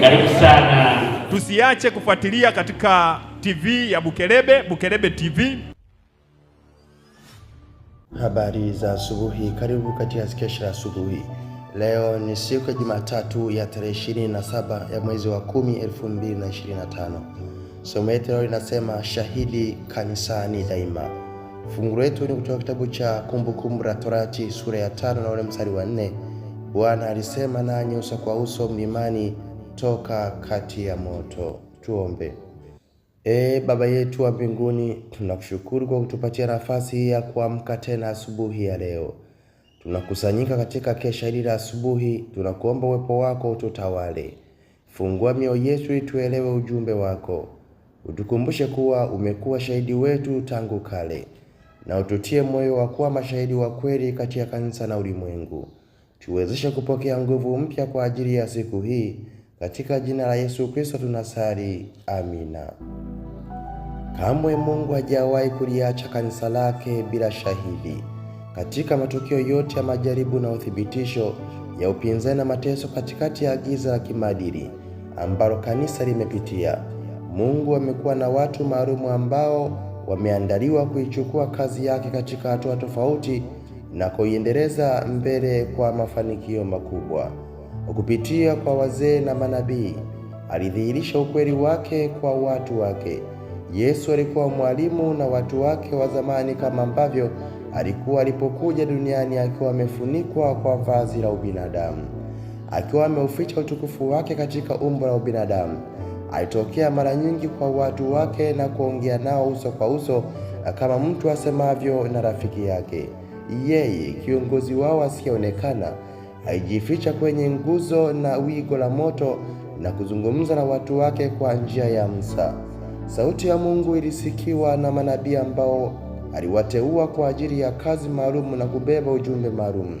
Karibu sana. Tusiache kufuatilia katika TV ya Bukelebe, Bukelebe TV. Habari za asubuhi, karibu katika skesha la asubuhi. Leo ni siku ya Jumatatu ya tarehe 27 ya mwezi wa 10 2025. Somo letu leo linasema shahidi kanisani daima. Fungu letu ni kutoka kitabu cha Kumbukumbu la Torati sura ya tano na ule mstari wa nne Bwana alisema nanyi uso kwa uso mlimani toka kati ya moto. Tuombe. Ee Baba yetu wa mbinguni, tunakushukuru kwa kutupatia nafasi hii ya kuamka tena asubuhi ya leo. Tunakusanyika katika kesha hili la asubuhi, tunakuomba uwepo wako ututawale. Fungua mioyo yetu ili tuelewe ujumbe wako, utukumbushe kuwa umekuwa shahidi wetu tangu kale, na ututie moyo wa kuwa mashahidi wa kweli kati ya kanisa na ulimwengu tuwezeshe kupokea nguvu mpya kwa ajili ya siku hii. Katika jina la Yesu Kristo tunasali, amina. Kamwe Mungu hajawahi kuliacha kanisa lake bila shahidi. Katika matukio yote ya majaribu na uthibitisho ya upinzani na mateso, katikati ya giza la kimaadili ambalo kanisa limepitia, Mungu amekuwa na watu maalumu ambao wameandaliwa kuichukua kazi yake katika hatua tofauti na kuiendeleza mbele kwa mafanikio makubwa. Kupitia kwa wazee na manabii, alidhihirisha ukweli wake kwa watu wake. Yesu alikuwa mwalimu na watu wake wa zamani, kama ambavyo alikuwa alipokuja duniani akiwa amefunikwa kwa vazi la ubinadamu, akiwa ameuficha utukufu wake katika umbo la ubinadamu. Alitokea mara nyingi kwa watu wake na kuongea nao uso kwa uso, kama mtu asemavyo na rafiki yake yeye kiongozi wao asiyeonekana aijificha kwenye nguzo na wigo la moto na kuzungumza na watu wake kwa njia ya Musa. Sauti ya Mungu ilisikiwa na manabii ambao aliwateua kwa ajili ya kazi maalumu na kubeba ujumbe maalumu.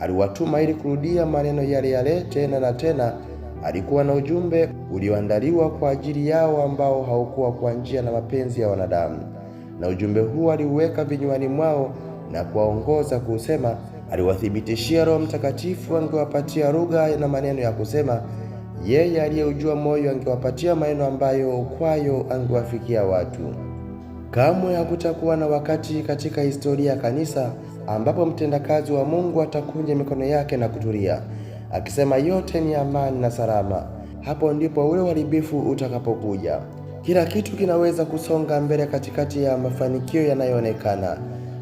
Aliwatuma ili kurudia maneno yale yale tena na tena. Alikuwa na ujumbe ulioandaliwa kwa ajili yao ambao haukuwa kwa njia na mapenzi ya wanadamu, na ujumbe huu aliuweka vinywani mwao na kuwaongoza kusema, aliwathibitishia Roho Mtakatifu angewapatia lugha na maneno ya kusema. Yeye aliyeujua moyo angewapatia maneno ambayo kwayo angewafikia watu. Kamwe hakutakuwa na wakati katika historia ya kanisa ambapo mtendakazi wa Mungu atakunja mikono yake na kutulia akisema yote ni amani na salama. Hapo ndipo ule uharibifu utakapokuja. Kila kitu kinaweza kusonga mbele katikati ya mafanikio yanayoonekana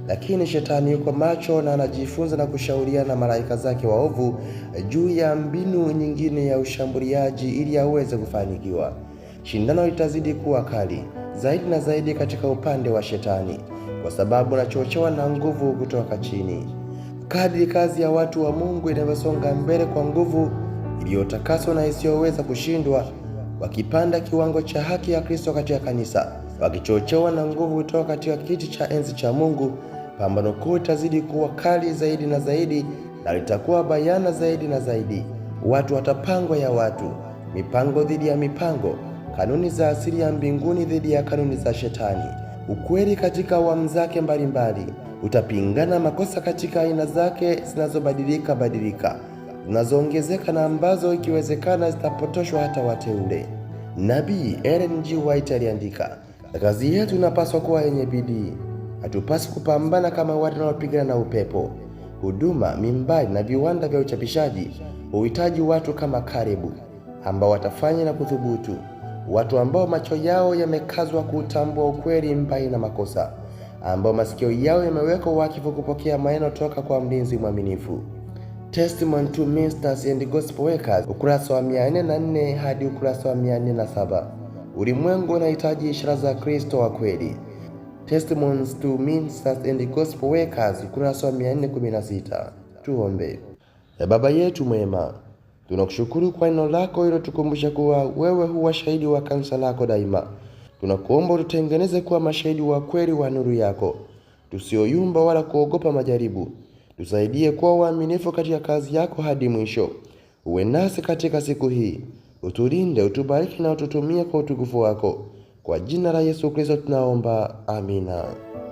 lakini shetani yuko macho na anajifunza na kushauriana na malaika zake waovu juu ya mbinu nyingine ya ushambuliaji ili aweze kufanikiwa. Shindano litazidi kuwa kali zaidi na zaidi katika upande wa shetani, kwa sababu anachochewa na nguvu kutoka chini. Kadri kazi ya watu wa Mungu inavyosonga mbele kwa nguvu iliyotakaswa na isiyoweza kushindwa, wakipanda kiwango cha haki ya Kristo katika kanisa wakichochewa na nguvu kutoka katika kiti cha enzi cha Mungu. Pambano kuu itazidi kuwa kali zaidi na zaidi, na litakuwa bayana zaidi na zaidi. Watu watapangwa ya watu, mipango dhidi ya mipango, kanuni za asili ya mbinguni dhidi ya kanuni za Shetani. Ukweli katika awamu zake mbalimbali utapingana makosa katika aina zake zinazobadilika badilika, zinazoongezeka na ambazo ikiwezekana zitapotoshwa hata wateule. Nabii Ellen G. White aliandika Kazi yetu inapaswa kuwa yenye bidii. Hatupaswi kupambana kama watu wanaopigana na upepo. Huduma mimbari na viwanda vya uchapishaji huhitaji watu kama Karibu ambao watafanya na kuthubutu, watu ambao macho yao yamekazwa kutambua ukweli mbali na makosa, ambao masikio yao yamewekwa wakifu kupokea maneno toka kwa mlinzi mwaminifu. to Ministers and Gospel Workers, ukurasa wa 404 hadi ukurasa wa 407. Ulimwengu unahitaji ishara za Kristo wa kweli. Testimonies to Ministers and Gospel Workers, ukurasa wa 416. Tuombe. E Baba yetu mwema, tunakushukuru kwa neno lako ilotukumbusha kuwa wewe huwa shahidi wa kanisa lako daima. Tunakuomba ututengeneze kuwa mashahidi wa kweli wa nuru yako, tusioyumba wala kuogopa majaribu. Tusaidie kuwa waaminifu katika kazi yako hadi mwisho. Uwe nasi katika siku hii utulinde, utubariki na ututumia kwa utukufu wako. Kwa jina la Yesu Kristo tunaomba, amina.